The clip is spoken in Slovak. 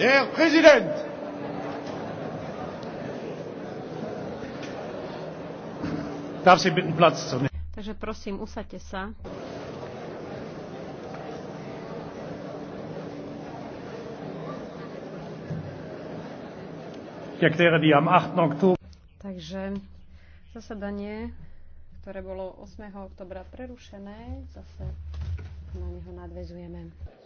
Herr Präsident! Darf Sie bitten, Platz zu nehmen? Takže prosím, usadte sa. Ich erkläre die am 8. Oktober. Takže zasadanie, ktoré bolo 8. oktobra prerušené, zase na neho nadvezujeme.